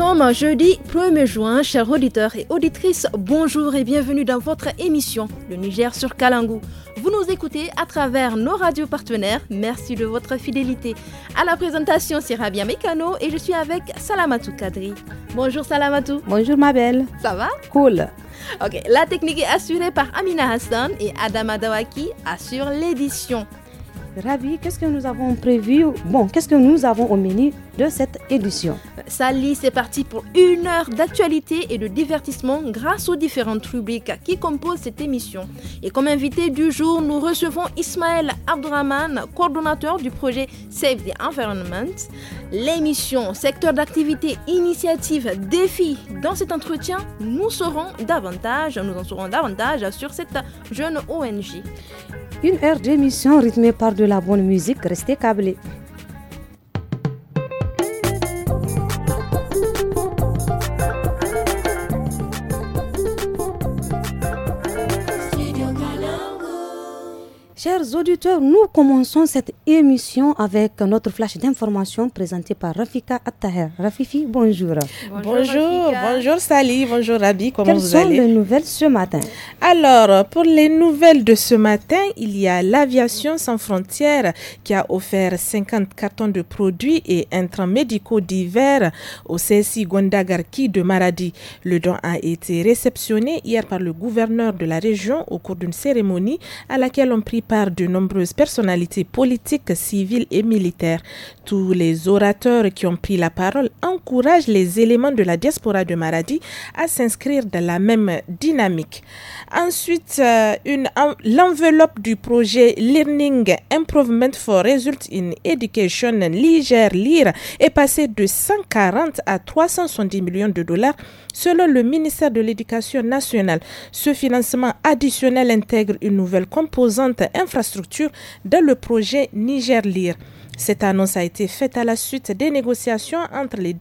sommes jeudi 1er juin, chers auditeurs et auditrices, bonjour et bienvenue dans votre émission Le Niger sur Kalangou. Vous nous écoutez à travers nos radios partenaires, merci de votre fidélité. À la présentation, c'est Rabia Mekano et je suis avec Salamatou Kadri. Bonjour Salamatou. Bonjour ma belle. Ça va Cool. Ok, la technique est assurée par Amina Hassan et Adama Dawaki assure l'édition. Ravi, qu'est-ce que nous avons prévu Bon, qu'est-ce que nous avons au menu de cette édition sally c'est parti pour une heure d'actualité et de divertissement grâce aux différentes rubriques qui composent cette émission. Et comme invité du jour, nous recevons Ismaël Abdurrahman, coordonnateur du projet Save the Environment. L'émission, secteur d'activité, initiative, défi. Dans cet entretien, nous saurons davantage, nous en saurons davantage sur cette jeune ONG. Une heure d'émission rythmée par de la bonne musique, restez câblée. Chers auditeurs, nous commençons cette émission avec notre flash d'information présenté par Rafika Attaher. Rafifi, bonjour. Bonjour, bonjour, bonjour Sali, bonjour Rabi, comment vous allez Quelles sont les nouvelles ce matin Alors, pour les nouvelles de ce matin, il y a l'aviation sans frontières qui a offert 50 cartons de produits et intrants médicaux divers au CSI Gondagarki de Maradi. Le don a été réceptionné hier par le gouverneur de la région au cours d'une cérémonie à laquelle on prit par de nombreuses personnalités politiques, civiles et militaires. Tous les orateurs qui ont pris la parole encouragent les éléments de la diaspora de Maradi à s'inscrire dans la même dynamique. Ensuite, euh, une, l'enveloppe du projet Learning Improvement for Results in Education Niger Lire est passée de 140 à 370 millions de dollars selon le ministère de l'Éducation nationale. Ce financement additionnel intègre une nouvelle composante infrastructure dans le projet Niger Lire. Cette annonce a été faite à la suite des négociations entre les,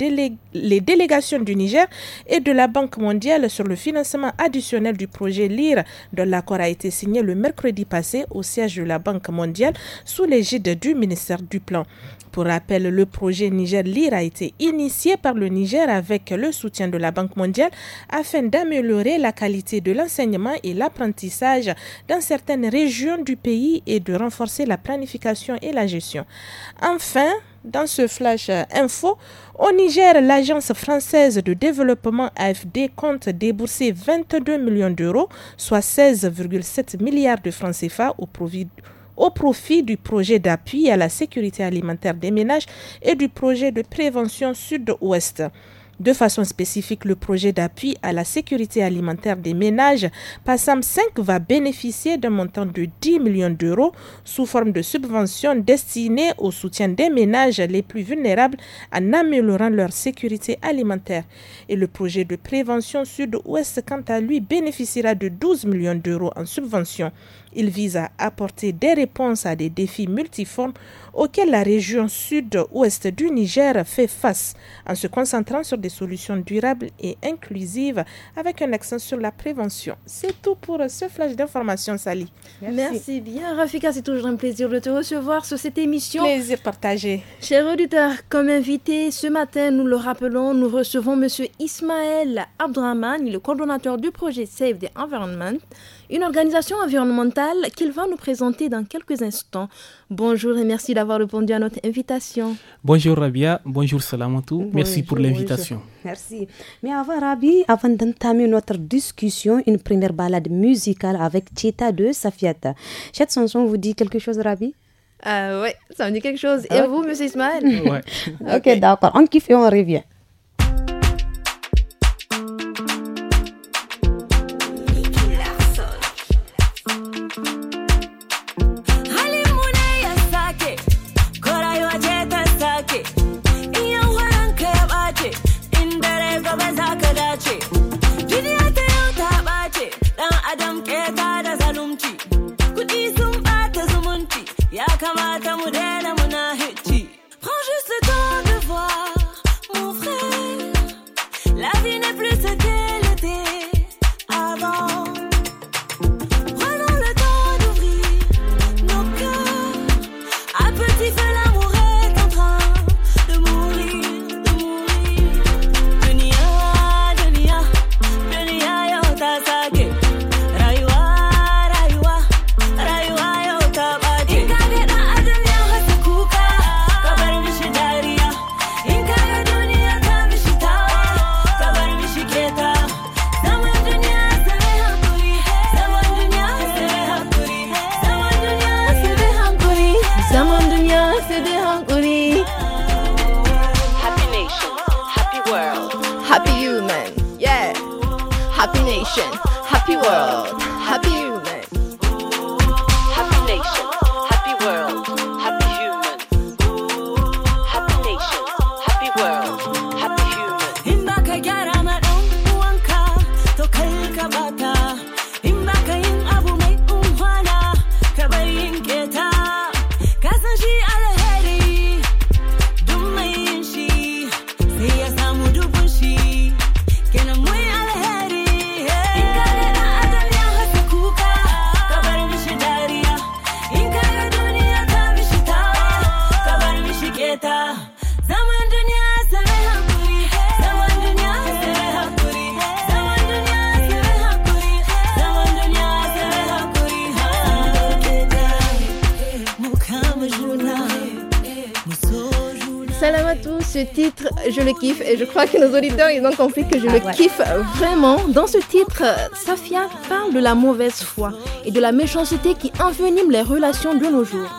les, délégations du Niger et de la Banque mondiale sur le financement additionnel du projet LIRE, dont l'accord a été signé le mercredi passé au siège de la Banque mondiale sous l'égide du ministère du Plan. Pour rappel, le projet Niger Lire a été initié par le Niger avec le soutien de la Banque mondiale afin d'améliorer la qualité de l'enseignement et l'apprentissage dans certaines régions du pays et de renforcer la planification et la gestion. Enfin, dans ce flash info, au Niger, l'Agence française de développement AFD compte débourser 22 millions d'euros, soit 16,7 milliards de francs CFA au profit au profit du projet d'appui à la sécurité alimentaire des ménages et du projet de prévention sud-ouest de façon spécifique le projet d'appui à la sécurité alimentaire des ménages. PASSAM 5 va bénéficier d'un montant de 10 millions d'euros sous forme de subventions destinées au soutien des ménages les plus vulnérables en améliorant leur sécurité alimentaire. Et le projet de prévention sud-ouest, quant à lui, bénéficiera de 12 millions d'euros en subventions. Il vise à apporter des réponses à des défis multiformes auxquels la région sud-ouest du Niger fait face en se concentrant sur des solutions durables et inclusives avec un accent sur la prévention. C'est tout pour ce flash d'information, Sally. Merci. bien, Rafika. C'est toujours un plaisir de te recevoir sur cette émission. Plaisir partagé. Chers auditeurs, comme invité ce matin, nous le rappelons, nous recevons M. Ismaël Abdraman, le coordonnateur du projet Save the Environment une organisation environnementale qu'il va nous présenter dans quelques instants. Bonjour et merci d'avoir répondu à notre invitation. Bonjour Rabia, bonjour Salamatou, merci pour l'invitation. Merci. Mais avant Rabi, avant d'entamer notre discussion, une première balade musicale avec Cheta de Safiata. Cette chanson vous dit quelque chose Rabi Oui, euh, ouais, ça me dit quelque chose. Et vous, Monsieur Ismaël Oui. ok, d'accord. On kiffe et on revient. nos auditeurs, ils ont compris que je ah le kiffe vraiment. Dans ce titre, Safia parle de la mauvaise foi et de la méchanceté qui envenime les relations de nos jours.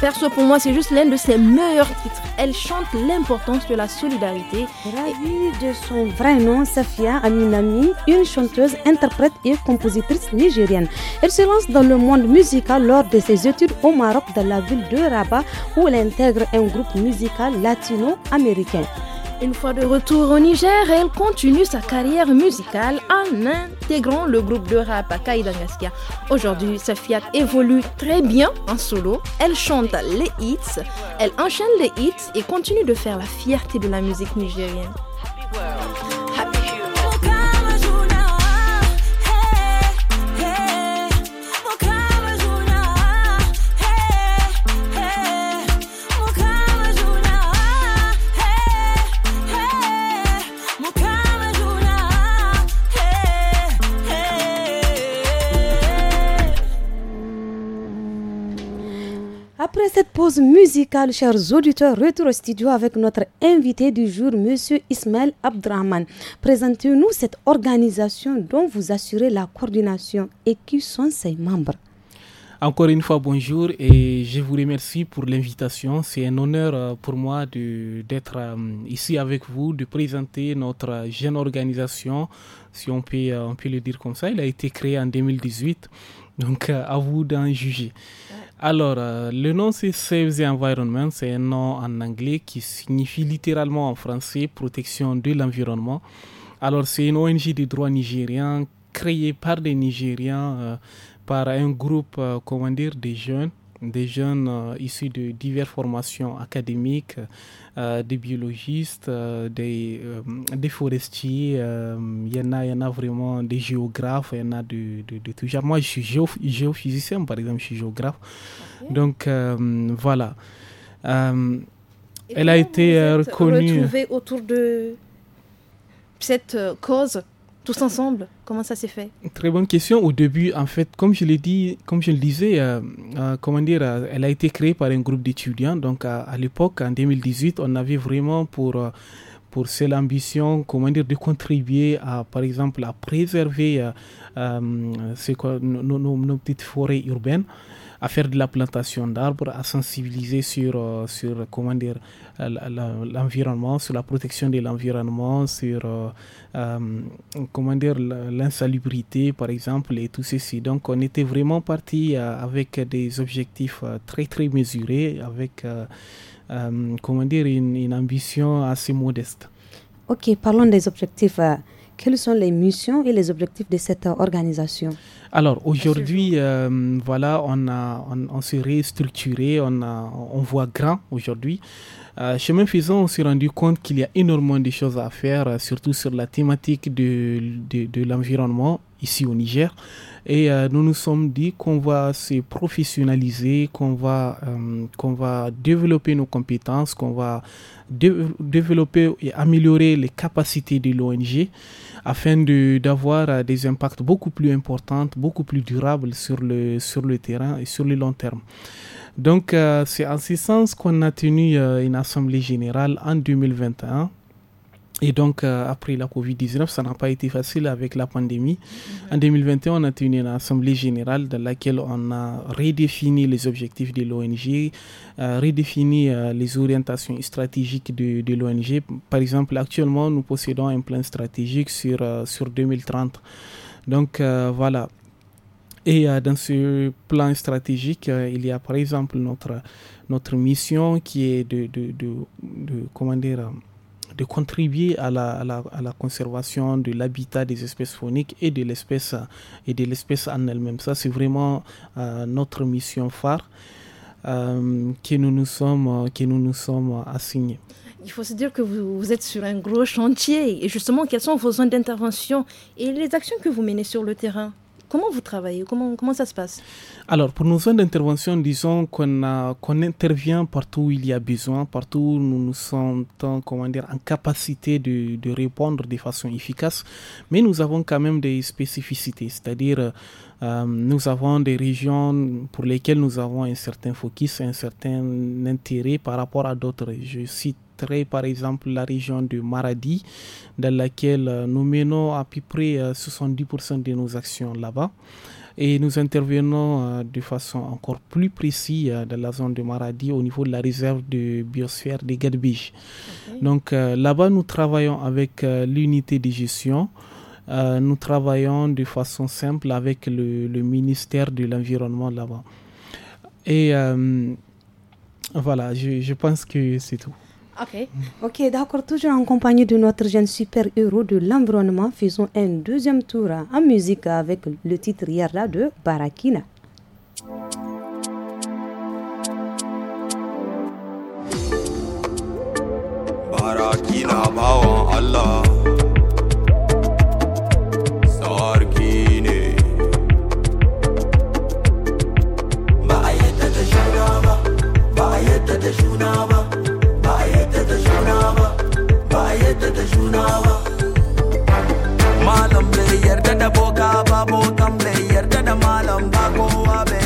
Perso, pour moi, c'est juste l'un de ses meilleurs titres. Elle chante l'importance de la solidarité. Ravie de son vrai nom, Safia Aminami, une chanteuse, interprète et compositrice nigérienne. Elle se lance dans le monde musical lors de ses études au Maroc, dans la ville de Rabat, où elle intègre un groupe musical latino-américain. Une fois de retour au Niger, elle continue sa carrière musicale en intégrant le groupe de rap Kaidangaskia. Aujourd'hui, Safiat évolue très bien en solo. Elle chante les hits, elle enchaîne les hits et continue de faire la fierté de la musique nigérienne. cette pause musicale, chers auditeurs, retour au studio avec notre invité du jour, M. Ismaël Abdrahman. Présentez-nous cette organisation dont vous assurez la coordination et qui sont ses membres. Encore une fois, bonjour et je vous remercie pour l'invitation. C'est un honneur euh, pour moi d'être euh, ici avec vous, de présenter notre jeune organisation, si on peut, euh, on peut le dire comme ça. Elle a été créée en 2018, donc à vous d'en juger. Alors, euh, le nom c'est Save the Environment, c'est un nom en anglais qui signifie littéralement en français protection de l'environnement. Alors, c'est une ONG de droit nigérien créée par des Nigériens, euh, par un groupe, euh, comment dire, des jeunes des jeunes euh, issus de diverses formations académiques, euh, des biologistes, euh, des, des forestiers, il y, en a, il y en a vraiment des géographes, il y en a de, de, tout genre. Moi, je suis géophysicien, par exemple, je suis géographe. Donc, voilà. elle a été reconnue. autour de cette cause tous ensemble Comment ça s'est fait Très bonne question. Au début, en fait, comme je l'ai dit, comme je le disais, euh, euh, comment dire, euh, elle a été créée par un groupe d'étudiants. Donc, à, l'époque, en 2018, on avait vraiment pour pour cette ambition, comment dire, de contribuer à, par exemple, à préserver nos, petites forêts urbaines à faire de la plantation d'arbres, à sensibiliser sur, euh, sur euh, comment dire, l'environnement, sur la protection de l'environnement, sur euh, comment dire, l'insalubrité, par exemple, et tout ceci. Donc, on était vraiment parti avec des objectifs très, très mesurés, avec, comment dire, une ambition assez modeste. Ok, parlons des objectifs. Quelles sont les missions et les objectifs de cette organisation Alors aujourd'hui, euh, voilà, on, a, on, on s'est restructuré, on, a, on voit grand aujourd'hui. Euh, chemin faisant, on s'est rendu compte qu'il y a énormément de choses à faire, euh, surtout sur la thématique de, de, de l'environnement ici au Niger. Et euh, nous nous sommes dit qu'on va se professionnaliser, qu'on va, euh, qu'on va développer nos compétences, qu'on va développer et améliorer les capacités de l'ONG afin d'avoir euh, des impacts beaucoup plus importants, beaucoup plus durables sur le, sur le terrain et sur le long terme. Donc c'est en ce sens qu'on a tenu une assemblée générale en 2021 et donc, euh, après la Covid-19, ça n'a pas été facile avec la pandémie. En 2021, on a tenu une assemblée générale dans laquelle on a redéfini les objectifs de l'ONG, euh, redéfini euh, les orientations stratégiques de, l'ONG. Par exemple, actuellement, nous possédons un plan stratégique sur, sur 2030. Donc, voilà. Et dans ce plan stratégique, il y a par exemple notre, notre mission qui est de, de, de, de comment dire, de contribuer à la, conservation de l'habitat des espèces fauniques et de l'espèce et de l'espèce en elle-même. Ça, c'est vraiment euh, notre mission phare euh, que nous nous sommes que nous nous sommes assignés. Il faut se dire que vous, vous êtes sur un gros chantier et justement, quels sont vos zones d'intervention et les actions que vous menez sur le terrain Comment vous travaillez comment, comment ça se passe Alors, pour nos zones d'intervention, disons qu'on intervient partout où il y a besoin, partout où nous nous sentons comment dire, en capacité de, de répondre de façon efficace. Mais nous avons quand même des spécificités, c'est-à-dire euh, euh, nous avons des régions pour lesquelles nous avons un certain focus, un certain intérêt par rapport à d'autres. Je citerai par exemple la région de Maradi, dans laquelle euh, nous menons à peu près 70% euh, de nos actions là-bas et nous intervenons de façon encore plus précise dans la zone de Maradi au niveau de la réserve de biosphère des Gadbij. Donc là-bas, nous travaillons avec l'unité de gestion euh, nous travaillons de façon simple avec le, ministère de l'Environnement là-bas. Et euh, voilà, je, pense que c'est tout. Ok, Ok. d'accord, toujours en compagnie de notre jeune super-héros de l'environnement, faisons un deuxième tour en musique avec le titre hier-là de Barakina. Barakina, Allah. da juna ba ba yadda da juna ba ba yadda da juna ba malam bai yarda da boka ba bokan bai yarda da malam ba kowa ba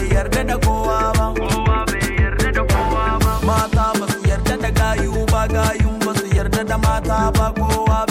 kowa bai yarda da kowa ba mata ba su yarda da gayu ba gayun ba su yarda da mata ba kowa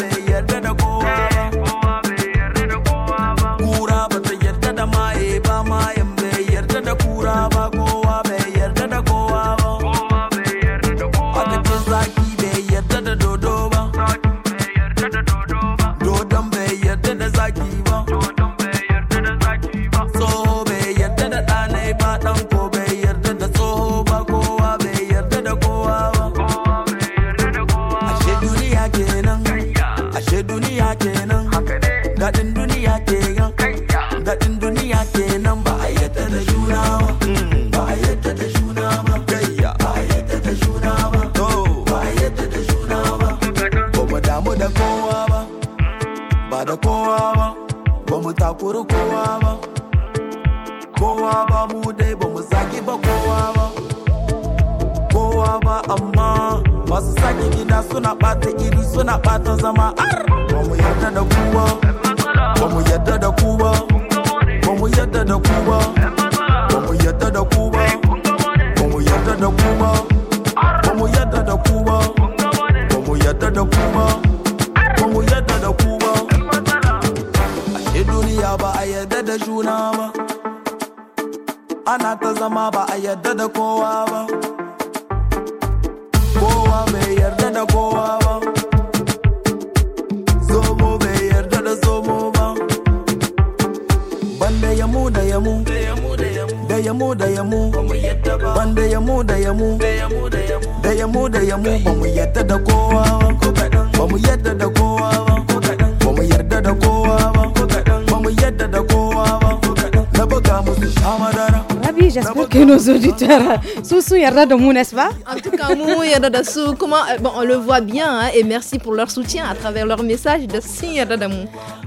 Rabi, j'espère que nos auditeurs Soussou Yarda de n'est-ce pas En tout cas, Mou Yarda comment, euh, bon, on le voit bien hein, et merci pour leur soutien à travers leur message de Sin Yarda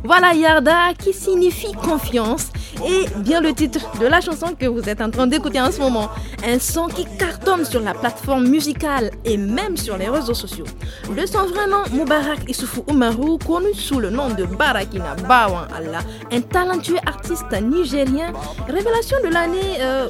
Voilà Yarda qui signifie confiance et bien le titre de la chanson que vous êtes en train d'écouter en ce moment. Un son qui cartonne sur la plateforme musicale et même sur les réseaux sociaux. Le son vraiment nom, Moubarak Issoufou connu sous le nom de Barakina Bawan Allah, un talentueux artiste nigérien, révélation de l'année. Euh,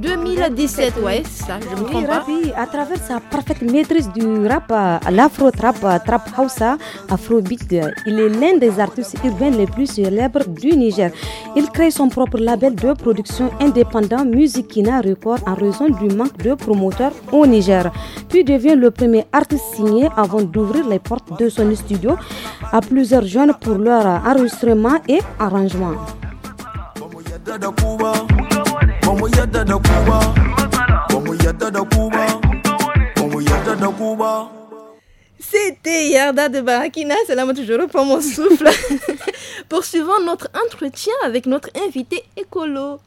2017, ouais, ça, je me comprends pas. à travers sa parfaite maîtrise du rap, euh, l'afro-trap, trap hausa, euh, euh, afrobeat, il est l'un des artistes urbains les plus célèbres du Niger. Il crée son propre label de production indépendant Musikina Record en raison du manque de promoteurs au Niger. Puis devient le premier artiste signé avant d'ouvrir les portes de son studio à plusieurs jeunes pour leur enregistrement et arrangement c'était Yarda de Barakina, c'est toujours pour mon souffle. Poursuivant notre entretien avec notre invité écolo.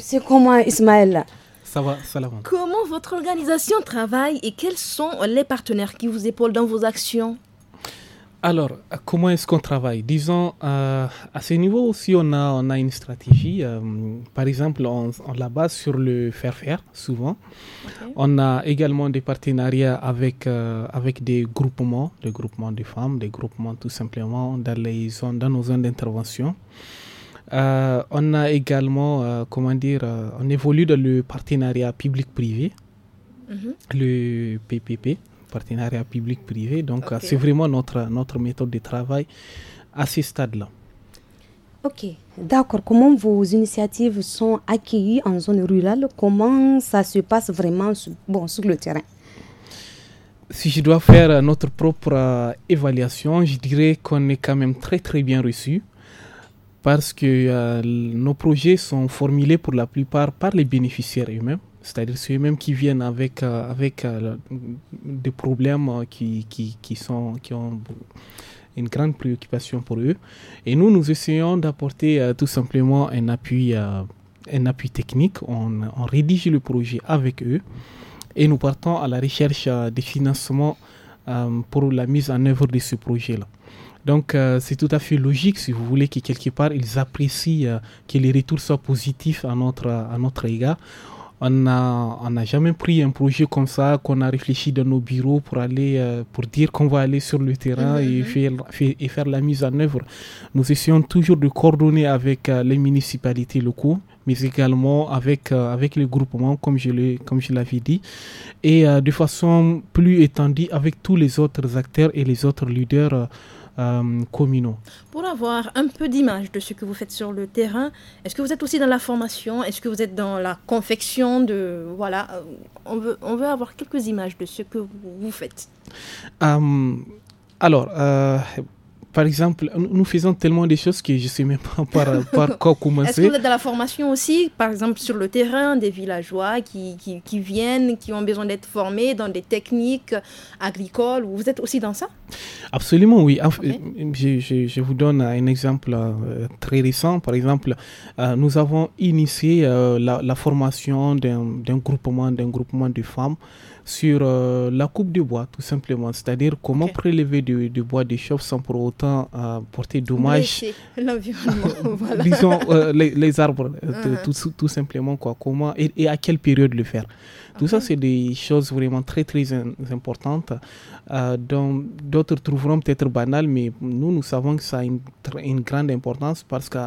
C'est comment Ismaël ça va, Comment votre organisation travaille et quels sont les partenaires qui vous épaulent dans vos actions alors, comment est-ce qu'on travaille Disons, euh, à ce niveau aussi, on a, une stratégie. Euh, par exemple, on, la base sur le faire-faire, souvent. On a également des partenariats euh, avec, des groupements, des groupements de femmes, des groupements tout simplement dans, les zones, dans nos zones d'intervention. on a également, comment dire, on évolue dans le partenariat public-privé, mhm. le PPP, partenariat public-privé. Donc, c'est vraiment notre, notre méthode de travail à ce stade-là. Ok, d'accord. Comment vos initiatives sont accueillies en zone rurale Comment ça se passe vraiment sur, bon, sur le terrain Si je dois faire notre propre euh, évaluation, je dirais qu'on est quand même très très bien reçu parce que euh, nos projets sont formulés pour la plupart par les bénéficiaires eux-mêmes. C'est-à-dire ceux-mêmes qui viennent avec, euh, avec euh, des problèmes euh, qui, sont, qui ont une grande préoccupation pour eux. Et nous, nous essayons d'apporter tout simplement un appui, un appui technique. On, rédige le projet avec eux et nous partons à la recherche des financements pour la mise en œuvre de ce projet-là. Donc c'est tout à fait logique si vous voulez que quelque part ils apprécient que les retours soient positifs à notre, à notre égard on n'a on a jamais pris un projet comme ça qu'on a réfléchi dans nos bureaux pour aller euh, pour dire qu'on va aller sur le terrain mhm, mhm. et, Faire, la mise en œuvre. Nous essayons toujours de coordonner avec euh, les municipalités locaux, mais également avec, euh, avec les groupements, comme je l'ai, comme je l'avais dit, et de façon plus étendue avec tous les autres acteurs et les autres leaders euh, communaux. Pour avoir un peu d'image de ce que vous faites sur le terrain, est-ce que vous êtes aussi dans la formation Est-ce que vous êtes dans la confection de voilà euh, On veut on veut avoir quelques images de ce que vous faites. Euh, alors. par exemple, nous faisons tellement de choses que je ne sais même pas par, quoi commencer. Est-ce que vous êtes dans la formation aussi, par exemple sur le terrain, des villageois qui, qui, qui viennent, qui ont besoin d'être formés dans des techniques agricoles Vous êtes aussi dans ça Absolument, oui. Je, je, vous donne un exemple euh, très récent. Par exemple, euh, nous avons initié euh, la, formation d'un groupement, d'un groupement de femmes sur la coupe du bois, tout simplement. C'est-à-dire comment prélever du, bois des chauves sans pour autant porter dommage. l'environnement, les, arbres, uh-huh. tout, tout, simplement, quoi. Comment et, à quelle période le faire. Tout ça, c'est des choses vraiment très, très importantes donc d'autres trouveront peut-être banal, mais nous, nous savons que ça a une, grande importance parce que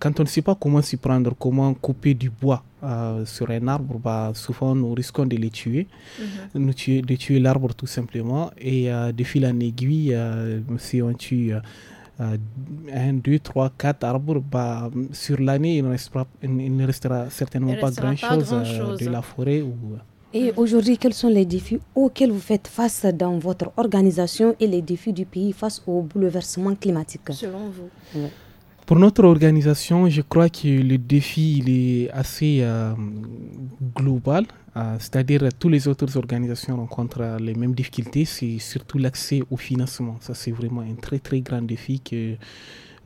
quand on ne sait pas comment s'y prendre, comment couper du bois euh, sur un arbre, bah, souvent nous risquons de les tuer, mhm. nous tuer de tuer l'arbre tout simplement. Et euh, de fil en aiguille, euh, si on tue 1, 2, 3, quatre arbres, bah, sur l'année, il, ne restera certainement pas grand-chose de la forêt. Ou, et mm. aujourd'hui, quels sont les défis auxquels vous faites face dans votre organisation et les défis du pays face au bouleversement climatique Selon vous Pour notre organisation, je crois que le défi il est assez euh, global, euh, c'est-à-dire que toutes les autres organisations rencontrent les mêmes difficultés, c'est surtout l'accès au financement. Ça, c'est vraiment un très très grand défi que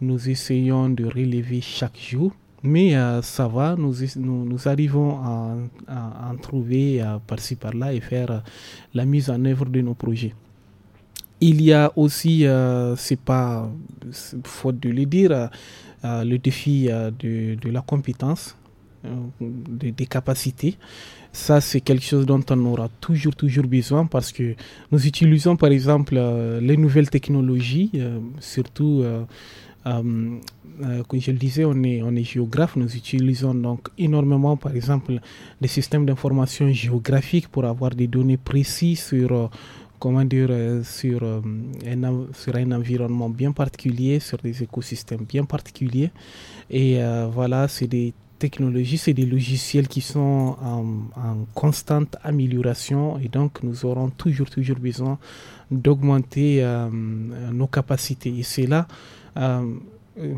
nous essayons de relever chaque jour. Mais euh, ça va, nous, nous, arrivons à, en trouver à, par-ci par-là et faire euh, la mise en œuvre de nos projets. Il y a aussi, euh, c'est pas faute de le dire, le défi de, la compétence, des capacités. Ça, c'est quelque chose dont on aura toujours, toujours besoin parce que nous utilisons par exemple les nouvelles technologies, surtout euh, euh, comme je le disais, on est, on est géographe, nous utilisons donc énormément, par exemple, des systèmes d'information géographique pour avoir des données précises sur, euh, comment dire, sur, un, sur un environnement bien particulier, sur des écosystèmes bien particuliers. Et voilà, c'est des technologies, c'est des logiciels qui sont en, en, constante amélioration et donc nous aurons toujours, toujours besoin d'augmenter nos capacités. Et c'est là euh,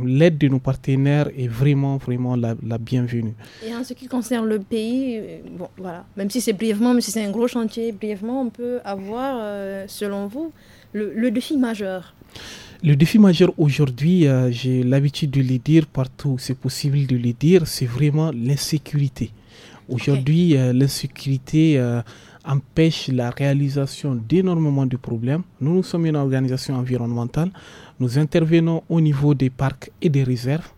l'aide de nos partenaires est vraiment, vraiment la, bienvenue. Et en ce qui concerne le pays, euh, bon, voilà, même si c'est brièvement, même si c'est un gros chantier, brièvement, on peut avoir, euh, selon vous, le, défi majeur. Le défi majeur aujourd'hui, j'ai l'habitude de le dire partout où c'est possible de le dire, c'est vraiment l'insécurité. Aujourd'hui, l'insécurité empêche la réalisation d'énormément de problèmes. Nous, nous sommes une organisation environnementale. Nous intervenons au niveau des parcs et des réserves.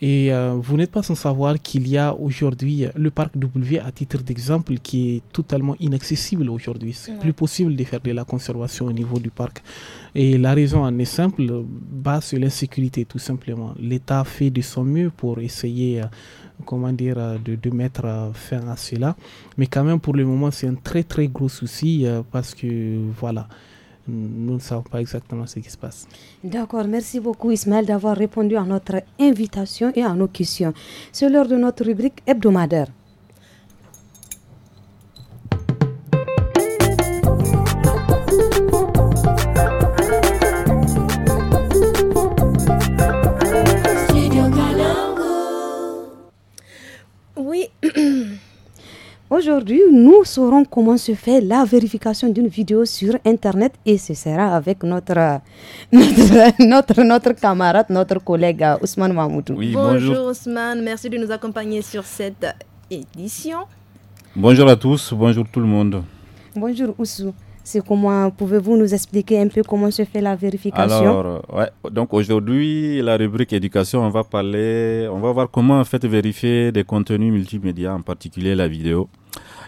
Et euh, vous n'êtes pas sans savoir qu'il y a aujourd'hui euh, le parc W à titre d'exemple qui est totalement inaccessible aujourd'hui. C'est n'est plus possible de faire de la conservation au niveau du parc. Et la raison en est simple, basse l'insécurité tout simplement. L'État fait de son mieux pour essayer, euh, comment dire, de, mettre fin à cela. Mais quand même pour le moment c'est un très très gros souci parce que voilà nous ne savons pas exactement ce qui se passe. D'accord, merci beaucoup Ismaël d'avoir répondu à notre invitation et à nos questions. C'est l'heure de notre rubrique hebdomadaire. Oui. Aujourd'hui, nous saurons comment se fait la vérification d'une vidéo sur Internet et ce sera avec notre, notre, notre, camarade, notre collègue euh, Ousmane Mahmoudou. bonjour. Ousmane, merci de nous accompagner sur cette édition. Bonjour à tous, bonjour tout le monde. Bonjour Ousmane. C'est comment pouvez-vous nous expliquer un peu comment se fait la vérification Alors, euh, donc aujourd'hui, la rubrique éducation, on va parler, on va voir comment en fait vérifier des contenus multimédia, en particulier la vidéo.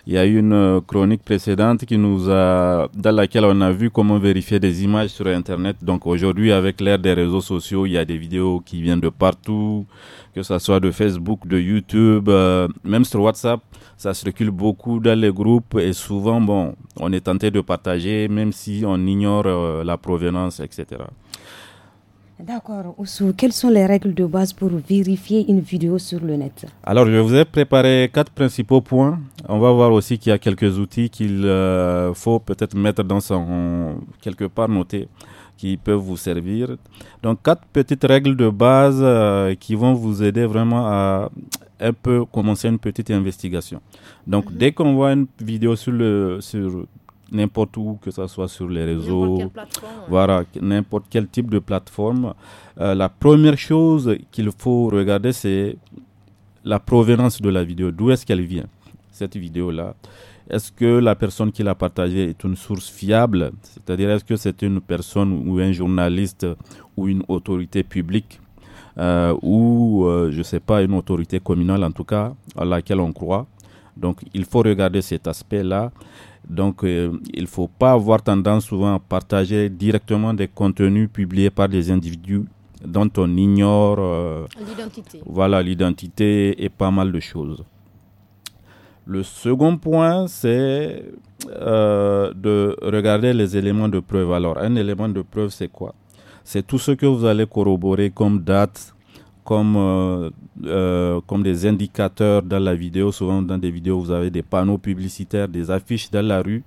Il y a eu une euh, chronique précédente qui nous a, dans laquelle on a vu comment vérifier des images sur Internet. Donc aujourd'hui, avec l'ère des réseaux sociaux, il y a des vidéos qui viennent de partout, que ce soit de Facebook, de YouTube, euh, même sur WhatsApp. Ça circule beaucoup dans les groupes et souvent, bon, on est tenté de partager, même si on ignore euh, la provenance, etc. D'accord. Oussou, quelles sont les règles de base pour vérifier une vidéo sur le net Alors, je vous ai préparé quatre principaux points. On va voir aussi qu'il y a quelques outils qu'il euh, faut peut-être mettre dans son. quelque part noter qui peuvent vous servir. Donc, quatre petites règles de base euh, qui vont vous aider vraiment à un peu commencer une petite investigation. Donc, mhm. dès qu'on voit une vidéo sur, le, sur n'importe où, que ce soit sur les réseaux, voilà, n'importe quel type de plateforme. Euh, la première chose qu'il faut regarder, c'est la provenance de la vidéo. D'où est-ce qu'elle vient, cette vidéo-là Est-ce que la personne qui l'a partagée est une source fiable C'est-à-dire, est-ce que c'est une personne ou un journaliste ou une autorité publique euh, ou, euh, je ne sais pas, une autorité communale en tout cas, à laquelle on croit. Donc, il faut regarder cet aspect-là. Donc, euh, il ne faut pas avoir tendance souvent à partager directement des contenus publiés par des individus dont on ignore euh, l'identité. Voilà, l'identité et pas mal de choses. Le second point, c'est euh, de regarder les éléments de preuve. Alors, un élément de preuve, c'est quoi C'est tout ce que vous allez corroborer comme date, comme, euh, euh, comme des indicateurs dans la vidéo. Souvent, dans des vidéos, vous avez des panneaux publicitaires, des affiches dans la rue,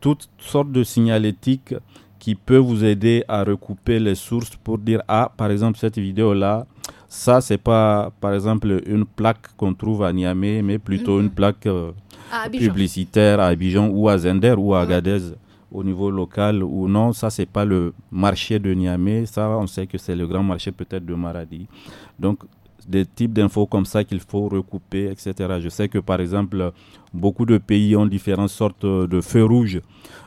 toutes sortes de signalétiques qui peuvent vous aider à recouper les sources pour dire ah par exemple cette vidéo là ça c'est pas par exemple une plaque qu'on trouve à Niamey mais plutôt mm-hmm. une plaque euh, publicitaire à Abidjan ou à Zender ou à mm. Agadez au niveau local ou non. Ça, c'est pas le marché de Niamey. Ça, on sait que c'est le grand marché peut-être de Maradi. Donc, des types d'infos comme ça qu'il faut recouper, etc. Je sais que, par exemple, beaucoup de pays ont différentes sortes de feux rouges,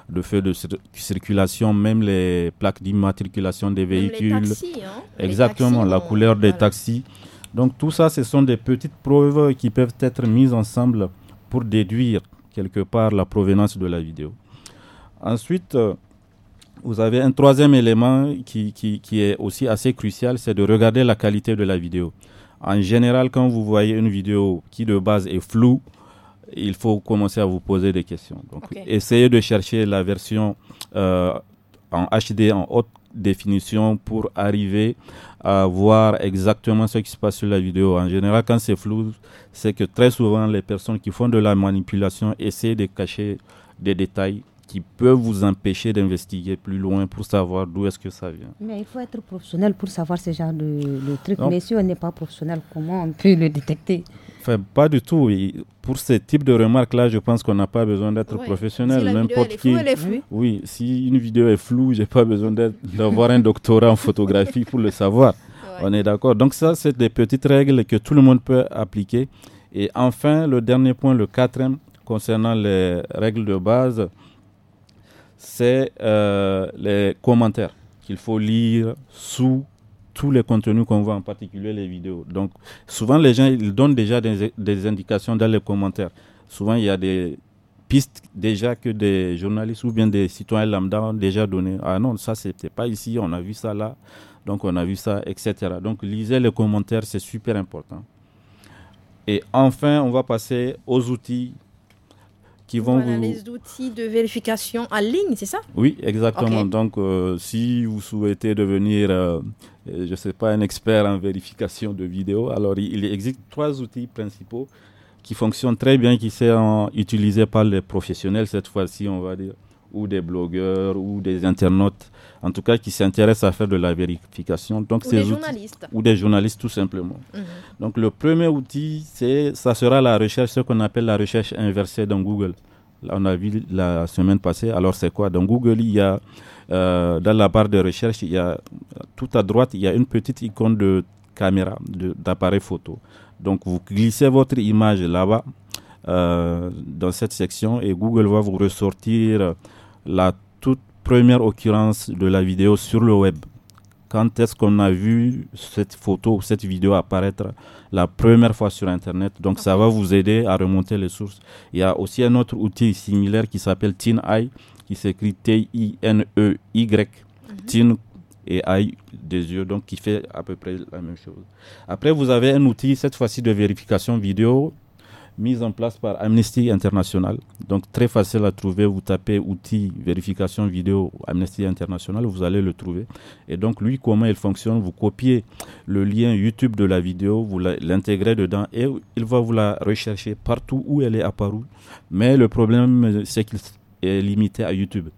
de feux de circulation, même les plaques d'immatriculation des véhicules. Hein. Exactement, la couleur des taxis. Donc, tout ça, ce sont des petites preuves qui peuvent être mises ensemble pour déduire quelque part la provenance de la vidéo. Ensuite, euh, vous avez un troisième élément qui, qui, qui est aussi assez crucial, c'est de regarder la qualité de la vidéo. En général, quand vous voyez une vidéo qui de base est floue, il faut commencer à vous poser des questions. Donc, essayez de chercher la version euh, en HD, en haute définition, pour arriver à voir exactement ce qui se passe sur la vidéo. En général, quand c'est flou, c'est que très souvent, les personnes qui font de la manipulation essaient de cacher des détails qui peut vous empêcher d'investiguer plus loin pour savoir d'où est-ce que ça vient. Mais il faut être professionnel pour savoir ce genre de, trucs. truc. Mais si on n'est pas professionnel, comment on peut le détecter enfin, Pas du tout. Pour ce type de remarques-là, je pense qu'on n'a pas besoin d'être professionnel. Si N'importe qui. floue. Oui, si une vidéo est floue, j'ai pas besoin d'avoir un doctorat en photographie pour le savoir. On est d'accord. Donc ça, c'est des petites règles que tout le monde peut appliquer. Et enfin, le dernier point, le quatrième, concernant les règles de base, c'est euh, les commentaires qu'il faut lire sous tous les contenus qu'on voit, en particulier les vidéos. Donc, souvent, les gens, ils donnent déjà des, indications dans les commentaires. Souvent, il y a des pistes déjà que des journalistes ou bien des citoyens lambda ont déjà donné. Ah non, ça, c'était pas ici, on a vu ça là, donc on a vu ça, etc. Donc, lisez les commentaires, c'est super important. Et enfin, on va passer aux outils qui vont vous... les outils de vérification en ligne, c'est ça Oui, exactement. Donc, euh, si vous souhaitez devenir, euh, euh, je ne sais pas, un expert en vérification de vidéos, alors il, existe trois outils principaux qui fonctionnent très bien, qui sont utilisés par les professionnels cette fois-ci, on va dire, ou des blogueurs, ou des internautes en tout cas qui s'intéresse à faire de la vérification. Donc, ou des journalistes. Ou des journalistes, tout simplement. Mhm. Donc, le premier outil, ça sera la recherche, ce qu'on appelle la recherche inversée dans Google. on a vu la semaine passée. Alors, c'est quoi Dans Google, il y a, euh, dans la barre de recherche, il y a, tout à droite, il y a une petite icône de caméra, d'appareil photo. Donc, vous glissez votre image là-bas, euh, dans cette section, et Google va vous ressortir la première occurrence de la vidéo sur le web. Quand est-ce qu'on a vu cette photo, cette vidéo apparaître la première fois sur Internet Donc ça va vous aider à remonter les sources. Il y a aussi un autre outil similaire qui s'appelle TinEye, qui s'écrit T-I-N-E-Y. Mhm. Tin et Eye des yeux, donc qui fait à peu près la même chose. Après, vous avez un outil, cette fois-ci de vérification vidéo, mise en place par Amnesty International. Donc très facile à trouver, vous tapez outils vérification vidéo Amnesty International, vous allez le trouver. Et donc lui, comment il fonctionne, vous copiez le lien YouTube de la vidéo, vous l'intégrez dedans et il va vous la rechercher partout où elle est apparue. Mais le problème, c'est qu'il est limité à YouTube.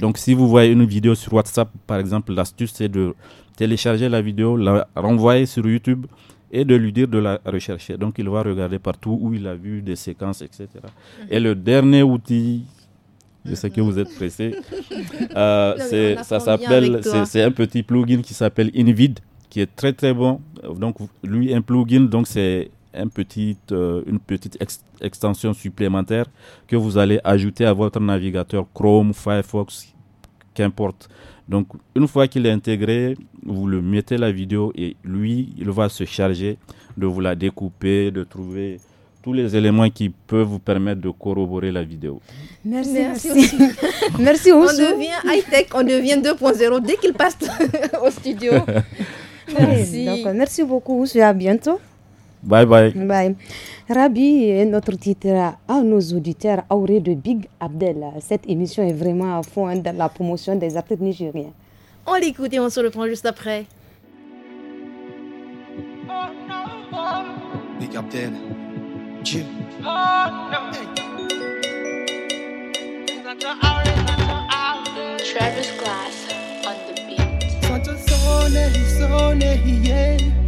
Donc si vous voyez une vidéo sur WhatsApp, par exemple, l'astuce, c'est de télécharger la vidéo, la renvoyer sur YouTube et de lui dire de la rechercher. Donc il va regarder partout où il a vu des séquences, etc. Mhm. Et le dernier outil, je sais que vous êtes pressé, euh, ça s'appelle, c'est un petit plugin qui s'appelle InVid, qui est très très bon. Donc lui, un plugin, donc c'est un petit, euh, une petite extension supplémentaire que vous allez ajouter à votre navigateur Chrome, Firefox, qu'importe. Donc, une fois qu'il est intégré, vous le mettez la vidéo et lui, il va se charger de vous la découper, de trouver tous les éléments qui peuvent vous permettre de corroborer la vidéo. Merci, merci. Merci, On devient high-tech, on devient 2.0 dès qu'il passe au studio. Merci. merci beaucoup, et à bientôt. Bye bye. Bye. Rabi est notre titre à nos auditeurs auré de Big Abdel. Cette émission est vraiment à fond hein, dans la promotion des athlètes nigériens. On l'écoute et on se prend juste après. Big Abdel. Travis Glass on the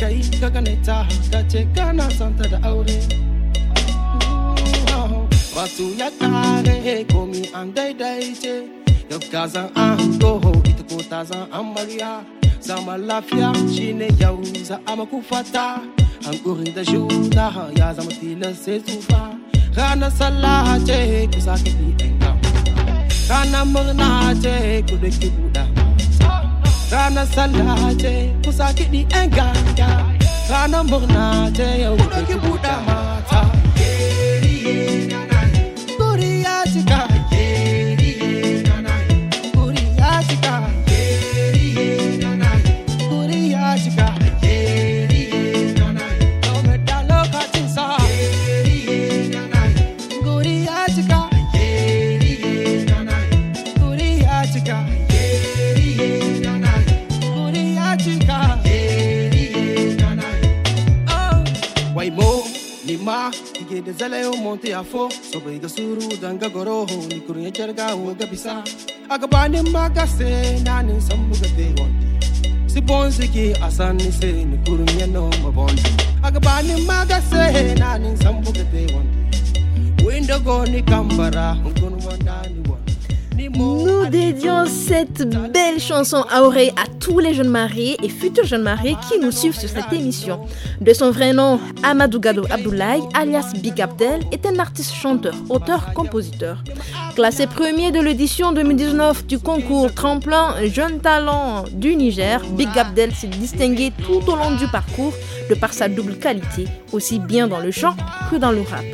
kai kaga ne ta ka ce kana santa da aure oh, oh. wasu ya kare komi an dai yau ka zan an ah, toho ita ko ta zan an mariya zama lafiya chine yau za a maku fata hankuri da juna ya zama tina sai tsufa ranar sallah ce ku sake ɗi ɗan ranar murna ce ku da ki ranar sallah ce kusa kiɗi 'yan gada ranar murna ce dezela eu montei a fo Sobre iga suru danga goroho Ni kurunya jerga uga bisa Agabani magase nani sambuga te hondi Si bonzi ki asani se ni kurunya no mabondi Agabani magase nani sambuga te hondi Windogo ni kambara Ngunu wandani Nous dédions cette belle chanson à oreille à tous les jeunes mariés et futurs jeunes mariés qui nous suivent sur cette émission. De son vrai nom, Amadou Gado Abdoulaye, alias Big Abdel, est un artiste chanteur, auteur, compositeur. Classé premier de l'édition 2019 du concours Tremplin Jeunes Talents du Niger, Big Abdel s'est distingué tout au long du parcours de par sa double qualité, aussi bien dans le chant que dans le rap.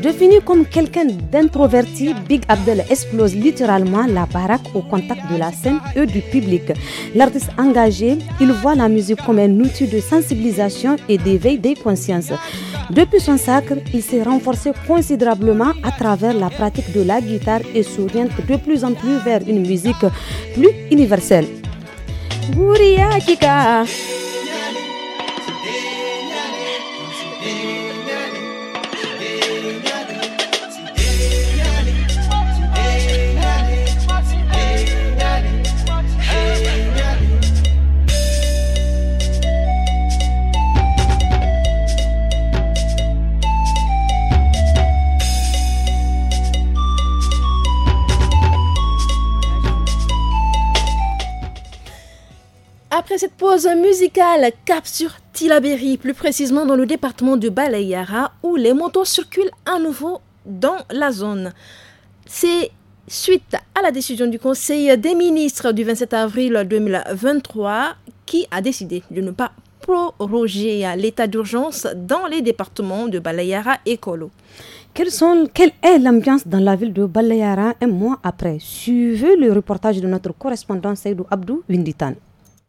Défini comme quelqu'un d'introverti, Big Abdel explose littéralement la baraque au contact de la scène et du public. L'artiste engagé, il voit la musique comme un outil de sensibilisation et d'éveil des consciences. Depuis son sacre, il s'est renforcé considérablement à travers la pratique de la guitare et s'oriente de plus en plus vers une musique plus universelle. cette pause musicale, cap sur Tilaberi, plus précisément dans le département de Balayara, où les motos circulent à nouveau dans la zone. C'est suite à la décision du Conseil des ministres du 27 avril 2023 qui a décidé de ne pas proroger l'état d'urgence dans les départements de Balayara et Kolo. Quelle, quelle est l'ambiance dans la ville de Balayara un mois après Suivez le reportage de notre correspondant Seydou Abdou Winditan.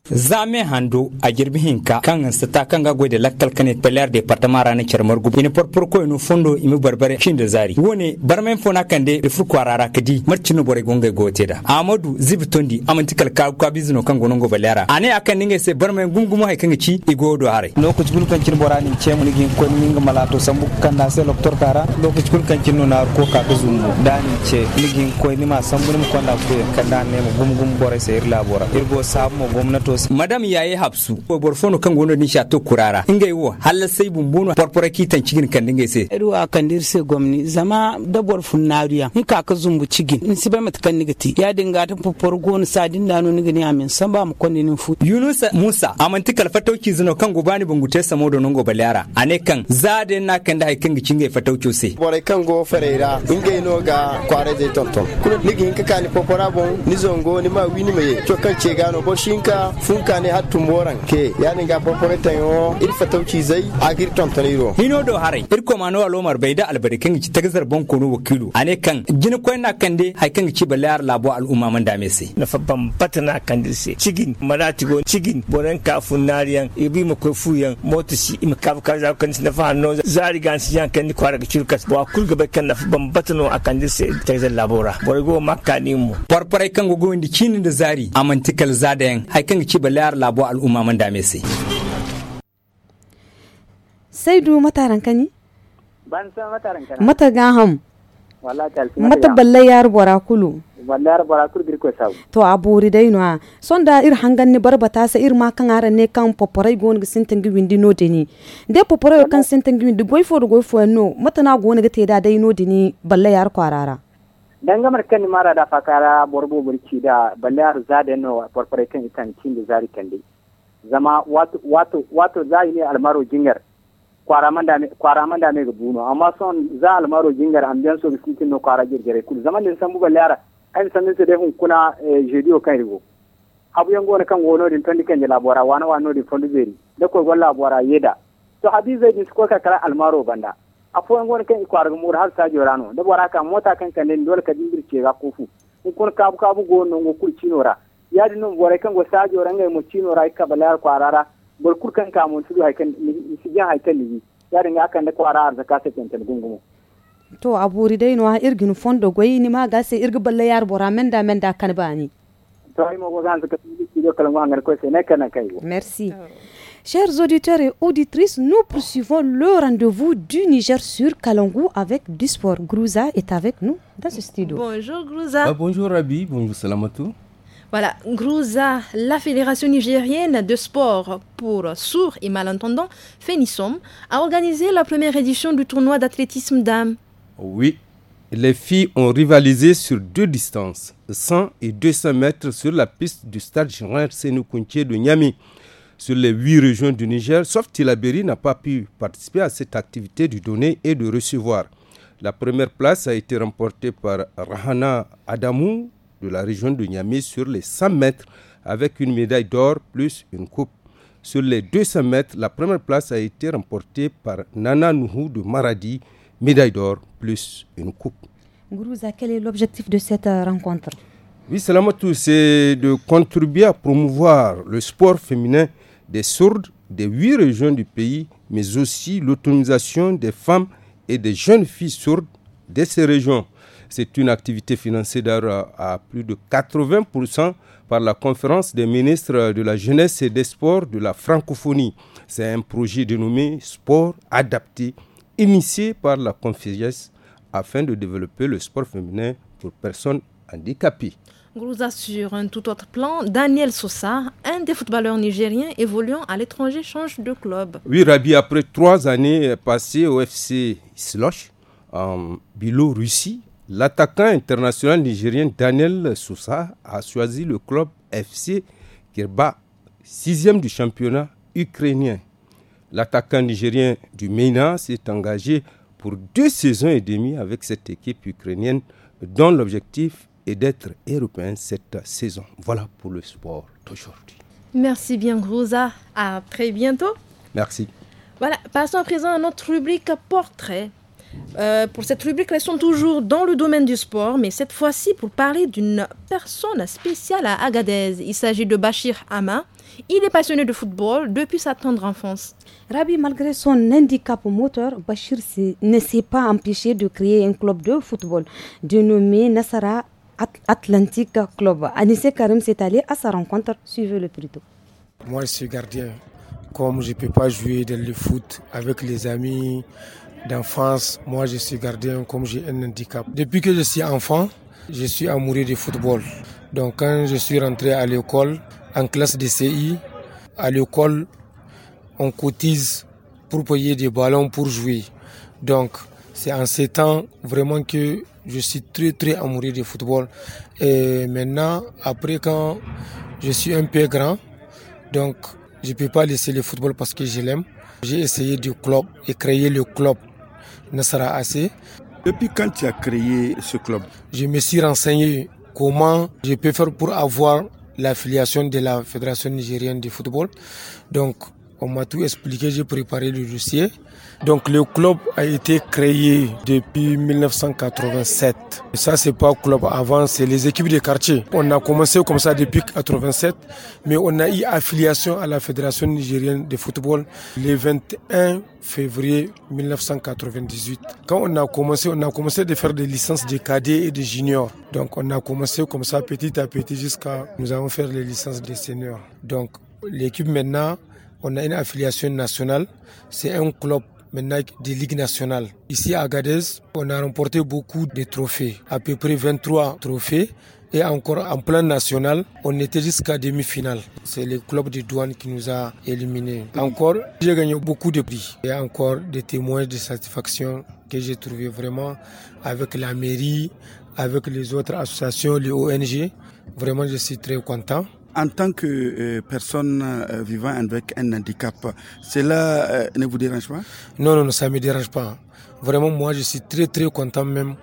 zame hando a girbihin ka kan ta kan ga gode lakkal kane pelar departement rana charmar gubu ina porpor ko ino fondo imi barbare shin da zari wone barmen fona kan de rifur kwarara kadi no bore gonga gote da amadu zibtondi amantikal ka ka bizino kan gonongo balera ane akan ninge se barmen gungumo hay kan ci igodo hare lokaci gul kan cin borani ce ni gin ko ninga malato sambu kan da se doktor kara lokaci gul kan cin nona ko ka ka zumbu dani ce ligin ko ni ma sambu ni ko da ko kan da ne mu gum bore se irla bora irgo sabu mo gwamnati Santos madam yayi hapsu borfono kan gono din sha to kurara inga yiwo halla sai bumbuno porpora kitan cigin kan dinga sai ruwa kan dir sai gwamni zama da borfun nariya ni ka ka zumbu cigin in sibe matkan nigati ya dinga ta popor gono sadin dano nigani amin san ba mu konni nin fu yunusa musa amanti kalfatauki zino kan gubani bungute samo do nongo balyara ane kan zade na kan da haikin gicin ga fatauki sai bore kan go farera inga no ga kware de tonton kuna nigin ka kani popora bon ni zongo ni ma wini me to kan ce gano bo shinka funkane moran ke yani ga poporeten yo il fatawci zai agir tontoniro hino do hare ir komano alomar baida albarkin ci tagazar banko no wakilu ane kan gina koy na kande hay kan ci balayar labo al'umma man dame mesi na fabban patana kande se cigin go cigin boran kafun nariyan ibi ma koy fuyan motoci im kaf ka za kan na fa no zari gan si yan kan ni kwara ga cirkas wa akul ga kan na fabban patano akande sai tagazar labora borgo makani mu porpore kan go indi cinin da zari amantikal zadayan hay kan ki balayar labo al'umma man dame sai sai du mataran kani ban san mataran kana mata gaham mata balayar yar Balayar kulu wallar sabu. kur bir ko saw to aburi dai no sonda ir hangan ni barbata sa ir ma kan aran ne kan poporai gon ga sintin gi windi no deni Dai poporai kan sintin gi windi goy fo goy fo no mata na gona ga te da dai no deni balayar kwarara gamar kan mara da fakara borbo burki da balayar zada no farfare kan itan cin da zari kande zama wato wato wato zai ne almaro jingar kwara manda me kwara manda ga buno amma son za almaro jingar biyan so bisin no kwara jirgire kul zaman din san buga lara an san din da hun kuna eh, jediyo kan rigo abu yango ne kan wono din tondi kan jela bora wana wano din fondu beri da ko golla bora yeda to abi zai din ko kakara almaro banda a afuwan wani kan ikwar gumur har sa jorano da bora ka mota kan kan ni dole ka dindir ce ga kofu in kun ka ka ko go no go kul cinora ya dinu bora kan go sa joran ga mu cinora ka balar kwarara bor kur kan ka mun tudu hakɛ ni si jan haikan ni ya dinga akan da kwarara da ka sai tantan gungumo to buri dai no irgin fondo goyi ni ma ga irgi balle yar bora men da men da kan bani to ai mo go zan ka tudu ki do kalma ngar ko sai ne kana kai merci oh. Chers auditeurs et auditrices, nous poursuivons le rendez-vous du Niger sur Kalangou avec du sport. Grouza est avec nous dans ce studio. Bonjour Grouza. Ah, bonjour Rabi, bonjour Salamatou. Voilà, Grouza, la Fédération nigérienne de sport pour sourds et malentendants, FENISOM, a organisé la première édition du tournoi d'athlétisme d'âme. Oui, les filles ont rivalisé sur deux distances, 100 et 200 mètres sur la piste du stade général Sénou de niami sur les huit régions du Niger, sauf Tilaberi n'a pas pu participer à cette activité du donner et de recevoir. La première place a été remportée par Rahana Adamou de la région de Niamey sur les 100 mètres avec une médaille d'or plus une coupe. Sur les 200 mètres, la première place a été remportée par Nana Nuhu de Maradi, médaille d'or plus une coupe. Gourouza, quel est l'objectif de cette euh, rencontre Oui, c'est de contribuer à promouvoir le sport féminin des sourdes des huit régions du pays, mais aussi l'autonomisation des femmes et des jeunes filles sourdes de ces régions. C'est une activité financée d'ailleurs à plus de 80% par la conférence des ministres de la jeunesse et des sports de la francophonie. C'est un projet dénommé Sport adapté, initié par la conférence afin de développer le sport féminin pour personnes handicapées vous assure un tout autre plan, Daniel Sosa, un des footballeurs nigériens évoluant à l'étranger, change de club. Oui, Rabi, après trois années passées au FC Slosh, en Bilo-Russie, l'attaquant international nigérien Daniel Sosa a choisi le club FC Kirba, sixième du championnat ukrainien. L'attaquant nigérien du MENA s'est engagé pour deux saisons et demie avec cette équipe ukrainienne dont l'objectif et d'être européen cette saison. Voilà pour le sport d'aujourd'hui. Merci bien, Rosa. À très bientôt. Merci. Voilà, passons à présent à notre rubrique portrait. Euh, pour cette rubrique, elles sont toujours dans le domaine du sport, mais cette fois-ci pour parler d'une personne spéciale à Agadez. Il s'agit de Bachir Ama. Il est passionné de football depuis sa tendre enfance. Rabi, malgré son handicap moteur, Bachir ne s'est pas empêché de créer un club de football dénommé Nassara Atlantique Club. Anissé Karim s'est allé à sa rencontre. Suivez-le plutôt. Moi, je suis gardien. Comme je ne peux pas jouer dans le foot avec les amis d'enfance, moi, je suis gardien comme j'ai un handicap. Depuis que je suis enfant, je suis amoureux du football. Donc, quand je suis rentré à l'école, en classe de CI, à l'école, on cotise pour payer des ballons pour jouer. Donc, c'est en ces temps vraiment que je suis très très amoureux du football. Et maintenant, après quand je suis un peu grand, donc je peux pas laisser le football parce que je l'aime. J'ai essayé du club et créer le club sera assez. Depuis quand tu as créé ce club Je me suis renseigné comment je peux faire pour avoir l'affiliation de la Fédération nigérienne de football. Donc on m'a tout expliqué, j'ai préparé le dossier. Donc le club a été créé depuis 1987. ça c'est pas un club avant, c'est les équipes de quartier. On a commencé comme ça depuis 87, mais on a eu affiliation à la Fédération nigérienne de football le 21 février 1998. Quand on a commencé, on a commencé de faire des licences de cadets et de juniors. Donc on a commencé comme ça petit à petit jusqu'à nous avons fait les licences des seniors. Donc l'équipe maintenant on a une affiliation nationale. C'est un club maintenant des ligues nationales. Ici à Gadez, on a remporté beaucoup de trophées, à peu près 23 trophées. Et encore en plan national, on était jusqu'à demi-finale. C'est le club de douane qui nous a éliminés. Encore, j'ai gagné beaucoup de prix. Et encore des témoins de satisfaction que j'ai trouvé vraiment avec la mairie, avec les autres associations, les ONG. Vraiment, je suis très content. En tant que euh, personne euh, vivant avec un handicap, cela euh, ne vous dérange pas non, non, non, ça ne me dérange pas. Vraiment, moi, je suis très, très content même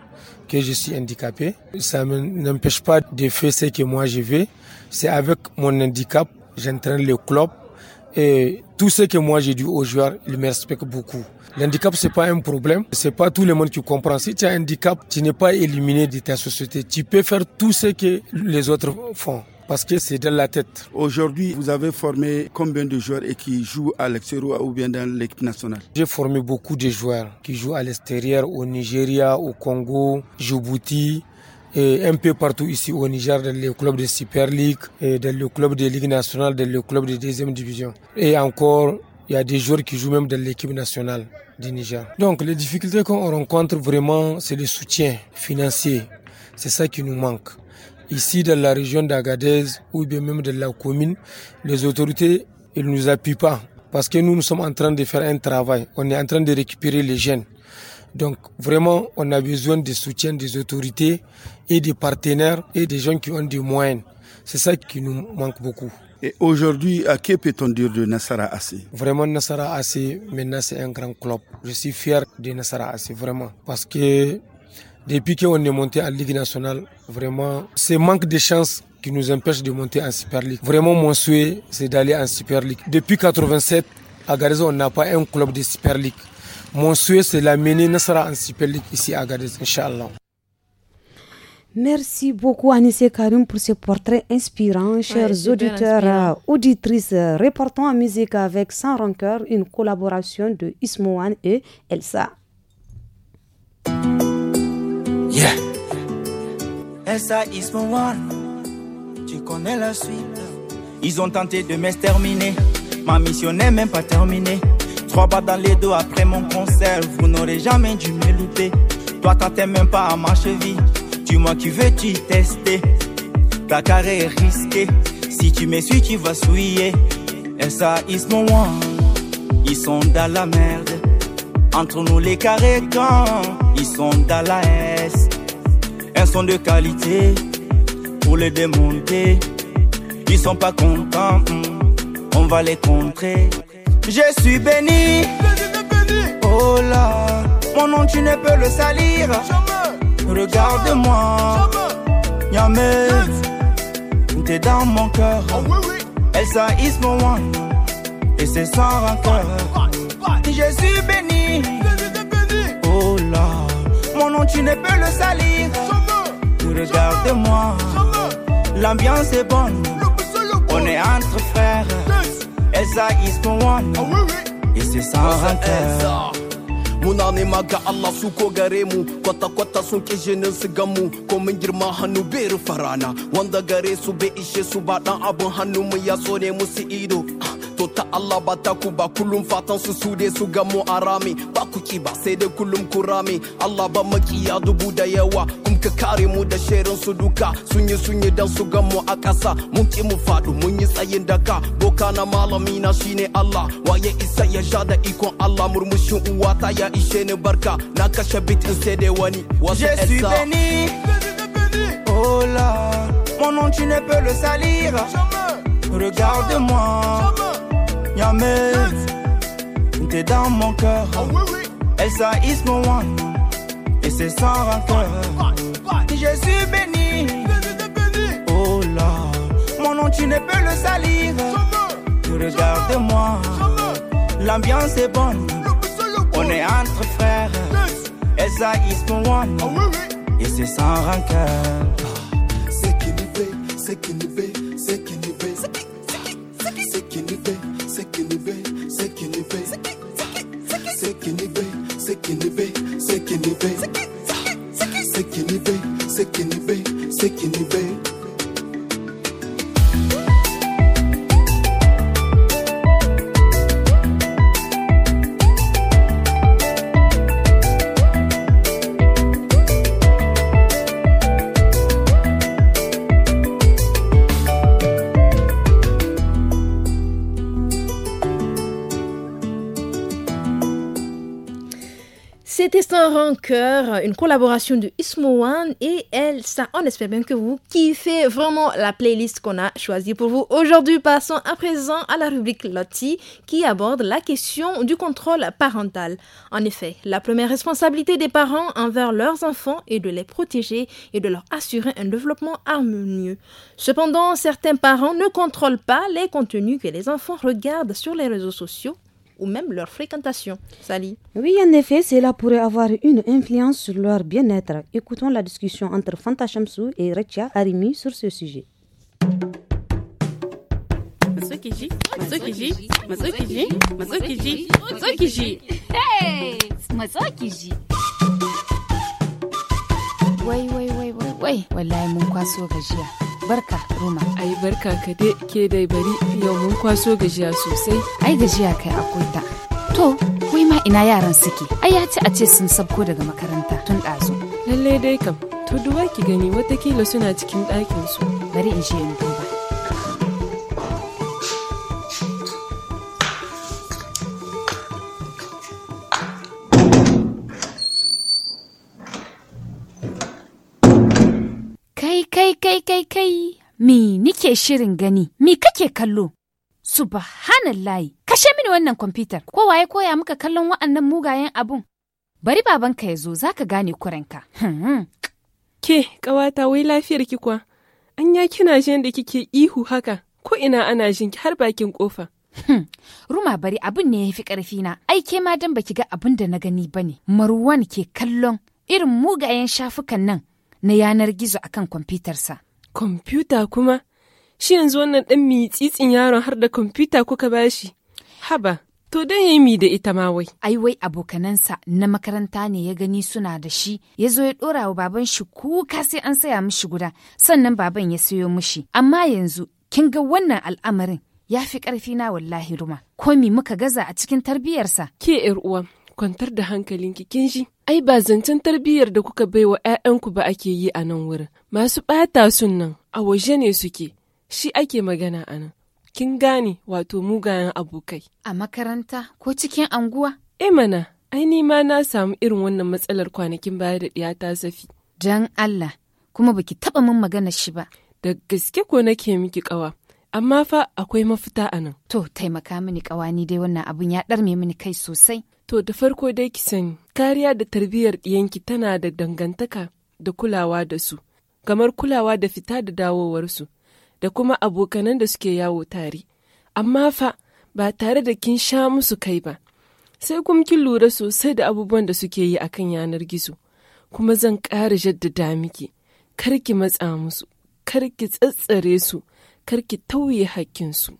que je suis handicapé. Ça n'empêche pas de faire ce que moi je veux. C'est avec mon handicap, j'entraîne le club et tout ce que moi j'ai dû aux joueurs, ils me respectent beaucoup. L'handicap, c'est pas un problème. C'est pas tout le monde qui comprend. Si tu as un handicap, tu n'es pas éliminé de ta société. Tu peux faire tout ce que les autres font parce que c'est dans la tête. Aujourd'hui, vous avez formé combien de joueurs et qui jouent à l'extérieur ou bien dans l'équipe nationale J'ai formé beaucoup de joueurs qui jouent à l'extérieur, au Nigeria, au Congo, Djibouti. Et un peu partout ici au Niger, dans le club de Super League, et dans le club de Ligue nationale, dans le club de deuxième division. Et encore, il y a des joueurs qui jouent même dans l'équipe nationale du Niger. Donc les difficultés qu'on rencontre vraiment, c'est le soutien financier. C'est ça qui nous manque ici dans la région d'Agadez ou bien même de la commune, les autorités ne nous appuient pas parce que nous, nous sommes en train de faire un travail. On est en train de récupérer les jeunes. Donc vraiment, on a besoin de soutien des autorités et des partenaires et des gens qui ont des moyens. C'est ça qui nous manque beaucoup. Et aujourd'hui, à qui peut-on dire de Nassara Assi? Vraiment, Nassara Assi, maintenant, c'est un grand club. Je suis fier de Nassara Assi, vraiment. Parce que depuis qu'on est monté en Ligue nationale, vraiment, c'est manque de chance qui nous empêche de monter en Super League. Vraiment, mon souhait, c'est d'aller en Super League. Depuis 87, à Garez, on n'a pas un club de Super League. Mon souhait, c'est l'amener Nassara en Super League ici à Garez, Inch'Allah. Merci beaucoup Anissé Karim pour ce portrait inspirant. Chers auditeurs, euh, auditrices, euh, reportons à musique avec Sans Rancœur, une collaboration de Ismoan et Elsa. Yeah. One, tu connais la suite. Ils ont tenté de m'exterminer. Ma mission n'est même pas terminée. Trois bas dans les dos après mon concert. Vous n'aurez jamais dû me louper. Toi, t'attends même pas à ma cheville. Dis-moi qui veux-tu tester. Ta carrière est risquée. Si tu me suis, tu vas souiller. S.A. my One, ils sont dans la merde. Entre nous les carrés quand ils sont dans la S. Elles sont de qualité pour les démonter. Ils sont pas contents, hmm, on va les contrer. Je suis béni. Oh là, mon nom tu ne peux le salir. Regarde-moi, Yamé, t'es dans mon cœur. Elle is mon one, et c'est sans rancœur. Je suis béni. Oh là, mon nom tu ne peux le salir regarde-moi. L'ambiance est bonne, on est entre frères. Et ça, is for one. Et c'est sans rancœur. munane maga Allah su ko gare mu kwata kwata sun ki jinin su gamu ko girma hannu bai rufa rana wanda gare su bai ishe su ba dan ya so musu ido to ta Allah batakuba ta fatan su su dai su arami ba ku ki ba sai dai kullum ku Allah ba makia dubu da yawa ka kare mu da sherin su duka sun yi sun yi dan su ga mu a ƙasa mun ki mu mun yi tsayin daka na malami na shine Allah waye isa ya sha da ikon Allah murmushin ta ya ishe ni barka na kashe bitin sai dai wani Oh là, mon nom tu ne peux le salir. Regarde-moi. Yamé, t'es dans mon cœur. Oh, Elsa, saïs mon one, et c'est sans rancœur. Je suis béni, oh là, mon nom tu ne peux le salir. Regarde-moi, l'ambiance est bonne. On est entre frères, Elsa, saïs mon one, oh, et c'est sans rancœur. Ah, c'est qui nous fait, c'est qui nous fait. Sekini bey, sekini bey, sekini bey, sekini bey Encore rancœur, une collaboration de Ismo One et elle, ça, on espère bien que vous kiffez vraiment la playlist qu'on a choisie pour vous aujourd'hui. Passons à présent à la rubrique Lottie qui aborde la question du contrôle parental. En effet, la première responsabilité des parents envers leurs enfants est de les protéger et de leur assurer un développement harmonieux. Cependant, certains parents ne contrôlent pas les contenus que les enfants regardent sur les réseaux sociaux ou même leur fréquentation. Sally Oui, en effet, cela pourrait avoir une influence sur leur bien-être. Écoutons la discussion entre Fanta Chamsou et Retia Arimi sur ce sujet. barka Roma. Ai barka ka dai ke dai bari yau mun kwaso gajiya sosai. Ai gajiya kai akwai To, wai ma ina yaran suke? Ai ya ci a ce sun sabko daga makaranta tun ɗazu. Lallai dai kam, to duwa ki gani watakila suna cikin ɗakin su. Bari in je in kai kai kai mi nike shirin gani mi kake kallo subhanallahi kashe mini wannan kwamfutar kowa ya koya maka kallon wa'annan mugayen abun bari babanka ya zo zaka gane kurenka. Hmm. ke kawata wai lafiyar ki kuwa an ya kina jin da kike ihu haka ko ina ana jin har bakin kofa hmm. ruma bari abun ne ya fi karfi na ai ke ma dan baki ga abun da na gani bane marwan ke kallon irin mugayen shafukan nan na yanar gizo akan sa. Kwamfuta kuma? Shi yanzu wannan ɗan mitsitsin yaron har da kwamfuta kuka bashi? Haba, to dan ya mi da ita ma wai. Ai wai abokanansa na makaranta ne ya gani suna da shi, ya zo ya ɗora wa baban shi kuka sai an saya mishi guda, sannan baban ya sayo mishi. Amma yanzu, kin ga wannan al'amarin ya fi ƙarfi na wallahi ruma. Komi muka gaza a cikin tarbiyarsa. Ke 'yar uwa, kwantar da hankalinki kin ji ai ba zancen tarbiyyar da kuka baiwa 'ya'yanku ba ake yi a nan wurin masu ɓata sun nan a waje ne suke shi ake magana a nan kin gane wato mugayen abokai a makaranta ko cikin anguwa eh mana ai ni ma na samu irin wannan matsalar kwanakin baya da ta safi Jan Allah kuma baki taɓa min magana shi ba da gaske ko nake miki ƙawa amma fa akwai mafita a nan. To, taimaka mini ni dai wannan abun ya ɗarme mini kai sosai. To da farko dai ki sani, kariya da tarbiyyar ɗiyanki tana da dangantaka da kulawa da su, kamar kulawa da fita da dawowarsu, da kuma abokanan da suke yawo tare. Amma fa ba tare da kin sha musu kai ba, sai kuma kin lura sosai da abubuwan da suke yi akan yanar gizo. Kuma zan ƙara jaddada miki, kar matsa musu, kar ki tsatsare su, kar ki tauye hakkinsu.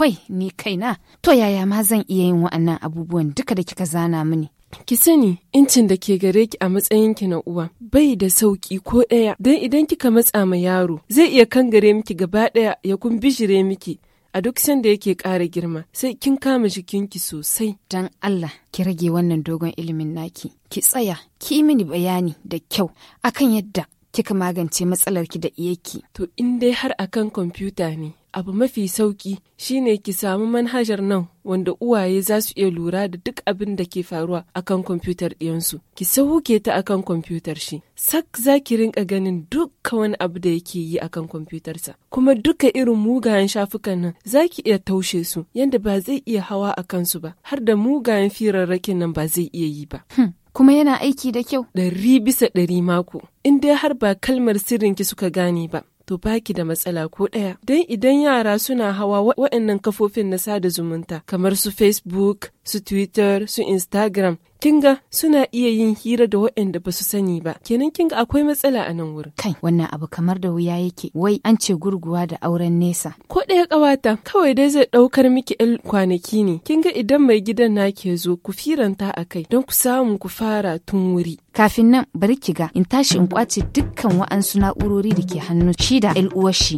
wai ni kaina to yaya ma zan iya yin wa'annan abubuwan duka da kika zana mini Ki sani incin da ke gare ki a ki na uwa bai da sauki ko ɗaya don idan kika matsa ma yaro zai iya kangare miki gaba ɗaya ya kumbishire miki a duk sanda yake ƙara girma sai kin kama jikinki sosai. Don Allah ki rage wannan dogon ilimin naki ki tsaya ki mini bayani da kyau akan yadda kika magance matsalar ki da iyaki. To in dai har akan kwamfuta ne abu mafi sauki shine ki samu manhajar nan wanda uwaye za su iya lura da duk abin da ke faruwa akan kwamfutar ɗiyansu. Ki sauke ta akan kwamfutar shi, sak za ki rinka ganin duka wani abu da yake yi akan kwamfutarsa. Kuma duka irin mugayen shafukan nan za ki iya taushe su yadda ba zai iya hawa a kansu ba, har da mugayen firarrakin nan ba zai iya yi ba. Hmm, kuma yana aiki da kyau? Ɗari bisa ɗari mako, in dai har ba kalmar ki suka gane ba. to baki da matsala ko ɗaya. Don idan yara suna hawa waɗannan kafofin na sada zumunta kamar su Facebook, su Twitter, su Instagram, kinga suna iya yin hira da waɗanda ba su sani ba. Kenan kinga akwai matsala a nan wurin. Kai, wannan abu kamar da wuya yake, wai an ce gurguwa da auren nesa. Ko ɗaya ƙawata, kawai dai zai ɗaukar miki ‘yan kwanaki ne. Kinga idan mai gidan na ke zo, ku firanta a kai don ku samu ku fara tun wuri. Kafin nan bari ki ga in tashi in kwace dukkan wa'ansu na'urori da ke hannu shi da ‘yan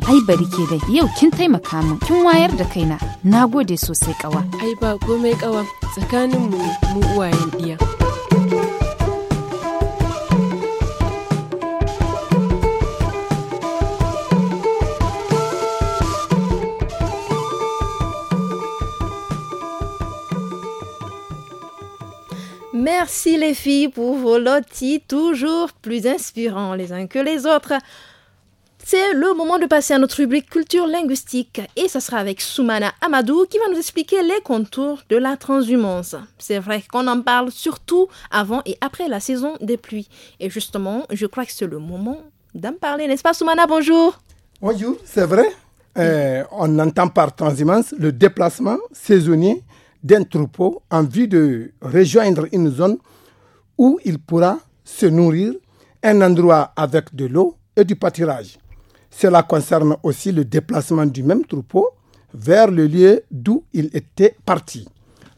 Ai bari ke dai, yau kin taimaka min, kin wayar da kaina. Na gode sosai ƙawa. Ai ba komai ƙawa. Merci les filles pour vos lotis toujours plus inspirants les uns que les autres c'est le moment de passer à notre rubrique culture linguistique et ça sera avec Soumana Amadou qui va nous expliquer les contours de la transhumance. C'est vrai qu'on en parle surtout avant et après la saison des pluies. Et justement, je crois que c'est le moment d'en parler, n'est-ce pas Soumana Bonjour Bonjour, c'est vrai. Euh, on entend par transhumance le déplacement saisonnier d'un troupeau en vue de rejoindre une zone où il pourra se nourrir, un endroit avec de l'eau et du pâturage. Cela concerne aussi le déplacement du même troupeau vers le lieu d'où il était parti.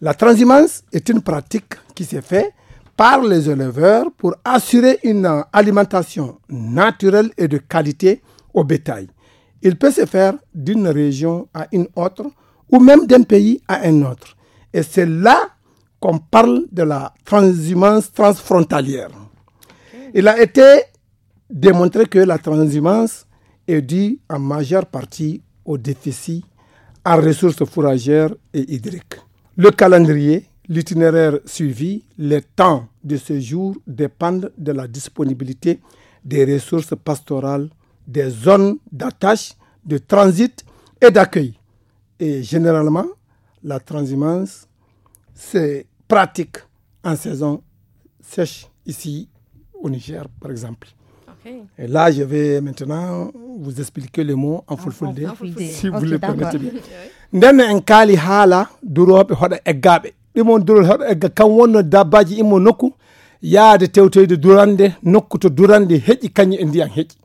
La transhumance est une pratique qui s'est fait par les éleveurs pour assurer une alimentation naturelle et de qualité au bétail. Il peut se faire d'une région à une autre ou même d'un pays à un autre. Et c'est là qu'on parle de la transhumance transfrontalière. Il a été démontré que la transhumance est due en majeure partie au déficit en ressources fourragères et hydriques. Le calendrier, l'itinéraire suivi, les temps de séjour dépendent de la disponibilité des ressources pastorales, des zones d'attache, de transit et d'accueil. Et généralement, la transhumance se pratique en saison sèche ici au Niger, par exemple. Okay. Et là, je vais maintenant vous expliquer le mot en fulfulde, si vous le permettez bien. nden en kaali haala durooɓe hoɗa eggaaɓe ɗimon durol hoɗa egga kam wonno dabbaji immo nokku yaade tewtoyde durande nokku to durande heƴƴi kañum e ndiyan heƴƴi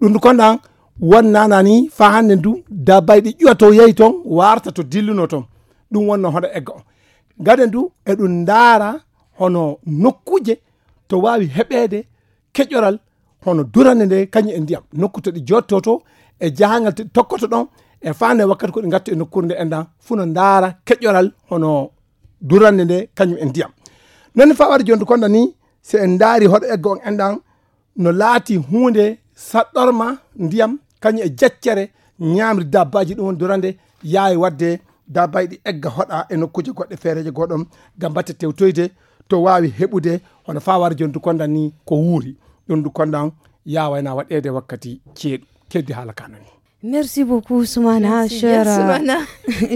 ɗum konɗan wonnana ni fa hannde du dabbaji ɗi ƴuwa to yehi toon warta to dilluno ton ɗum wonno hoɗa egga o gaden du eɗum ndaara hono nokkuje to wawi heɓeede keƴoral hono durande nde kañum e ndiyam nokku to ɗi jotto to e jahangal to tokkoto ɗon e fande wakkati ko ɗi gatto e nokkure nde enɗan funo ndaara keƴƴoral hono durande nde kañum e ndiyam nonne fa waɗi joni konda ni so en daari hoɗo eggo on enɗan no laati hunde saɗɗorma ndiyam kañum e jaccere ñamri dabbaji ɗum woni durande yaawi wadde dabbaji ɗi egga hoɗa e nokkuji goɗɗe feereje goɗon gam batte tewtoyde to wawi heɓude hono fa wara joni to ni ko wuuri Merci beaucoup, Soumana, euh,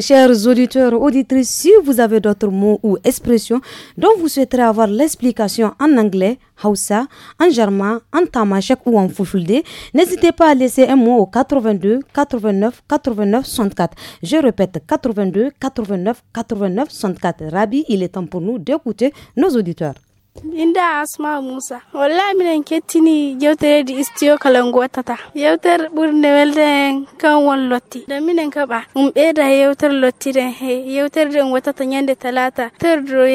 chers, auditeurs, auditrices. Si vous avez d'autres mots ou expressions dont vous souhaiterez avoir l'explication en anglais, Hausa, en german, en tamashek ou en fufulde, n'hésitez pas à laisser un mot au 82 89 89 64. Je répète, 82 89 89 64. Rabi, il est temps pour nous d'écouter nos auditeurs. inda asma musa walla minen kettini yautere di istiyo kalangu wattata yewtere ɓurde welde kan won lotti do minen kaɓa um yautere yewtere den he yewtere de um wattata ñande talata terdo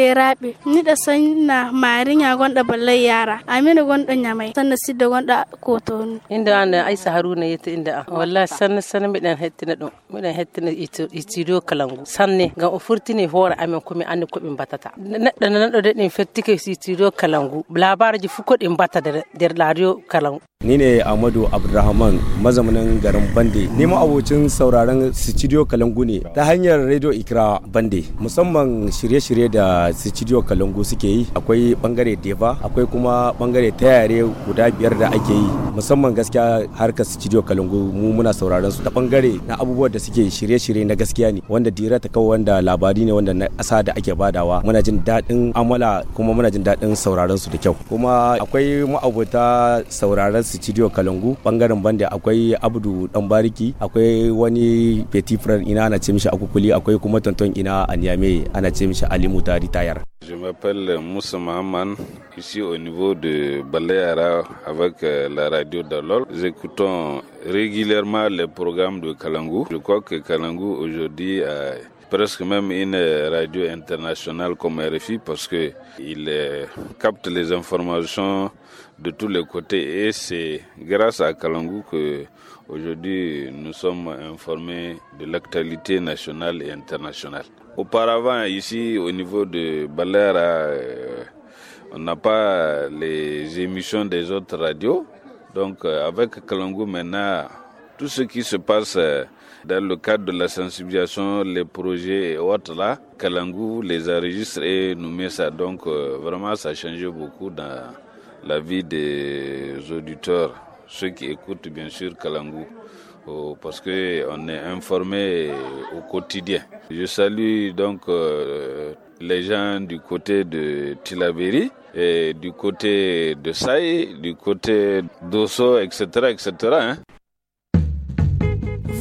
ni da sanna maari ña gonɗo ballay yara amina gonɗo nyamai. sanna siddo gonɗo kotonu inda an aissa haruna yetta inda. an walla sanne sanne miɗen hettina ɗum miɗen hettina istiyo kalangu sanne ngam o furtini hoore amen komi andi koɓe mbatata neɗɗo neɗɗo de ɗin fettike radio kalangu labaraji fuko din bata da radio kalangu ni ne amadu abdurrahman mazaunin garin bande ni abocin sauraron studio kalangu ne ta hanyar radio ikra bande musamman shirye-shirye da studio kalangu suke yi akwai bangare deva akwai kuma bangare tayare guda biyar da ake yi musamman gaskiya harkar studio kalangu mu muna sauraron su ta bangare na abubuwa da suke shirye-shirye na gaskiya ne wanda dira ta kawo wanda labari ne wanda na ƙasa da ake badawa muna jin daɗin amala kuma muna jin daɗin daɗin sauraron su da kyau kuma akwai ma'abota sauraron studio kalangu bangaren banda akwai abdu dan bariki akwai wani petit frère ina ana ce mishi akukuli akwai kuma tonton ina a niamey ana ce mishi ali mutari tayar Je m'appelle Moussa Mahaman, ici au niveau de Balayara avec euh, la radio d'Alol. J'écoutons régulièrement les programmes de Kalangu. Je crois que Kalangu aujourd'hui a presque même une radio internationale comme RFI parce que il euh, capte les informations de tous les côtés et c'est grâce à Kalangu que aujourd'hui nous sommes informés de l'actualité nationale et internationale. Auparavant ici au niveau de Balera euh, on n'a pas les émissions des autres radios donc euh, avec Kalangu maintenant tout ce qui se passe dans le cadre de la sensibilisation, les projets et autres là, Kalangu les enregistre et nous met ça. Donc euh, vraiment, ça a changé beaucoup dans la vie des auditeurs, ceux qui écoutent bien sûr Kalangu. Euh, parce que on est informé au quotidien. Je salue donc euh, les gens du côté de Tilaberi et du côté de Saï, du côté d'Osso, etc., etc.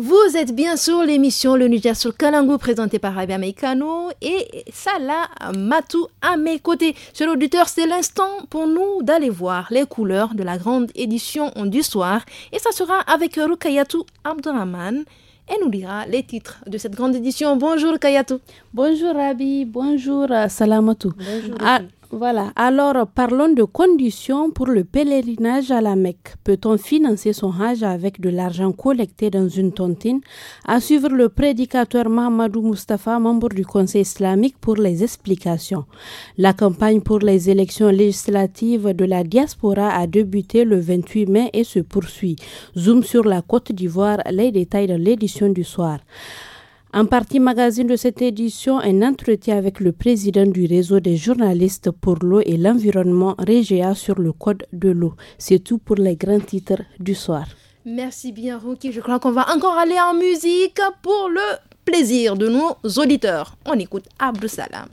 Vous êtes bien sur l'émission Le Niger sur Kalangu présentée par Rabia Meikano et Salah Matou à mes côtés. Chers l'auditeur, c'est l'instant pour nous d'aller voir les couleurs de la grande édition du soir et ça sera avec Rukayatou Abdurrahman. Elle nous dira les titres de cette grande édition. Bonjour Kayatu. Bonjour Rabi, bonjour euh, Salamatou. Bonjour. Ah, voilà, alors parlons de conditions pour le pèlerinage à la Mecque. Peut-on financer son Hajj avec de l'argent collecté dans une tontine À suivre le prédicateur Mahamadou Mustafa, membre du Conseil islamique, pour les explications. La campagne pour les élections législatives de la diaspora a débuté le 28 mai et se poursuit. Zoom sur la Côte d'Ivoire, les détails de l'édition du soir. En partie magazine de cette édition, un entretien avec le président du réseau des journalistes pour l'eau et l'environnement Régia sur le code de l'eau. C'est tout pour les grands titres du soir. Merci bien, Rocky. Je crois qu'on va encore aller en musique pour le plaisir de nos auditeurs. On écoute Abdou Salam.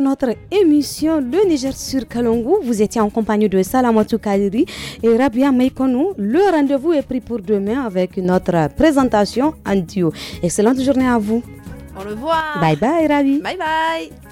notre émission Le Niger sur Kalongo. Vous étiez en compagnie de Salamatou Kaliri et Rabia Meikonou. Le rendez-vous est pris pour demain avec notre présentation en duo. Excellente journée à vous. Au voit. Bye bye, Rabia. Bye bye.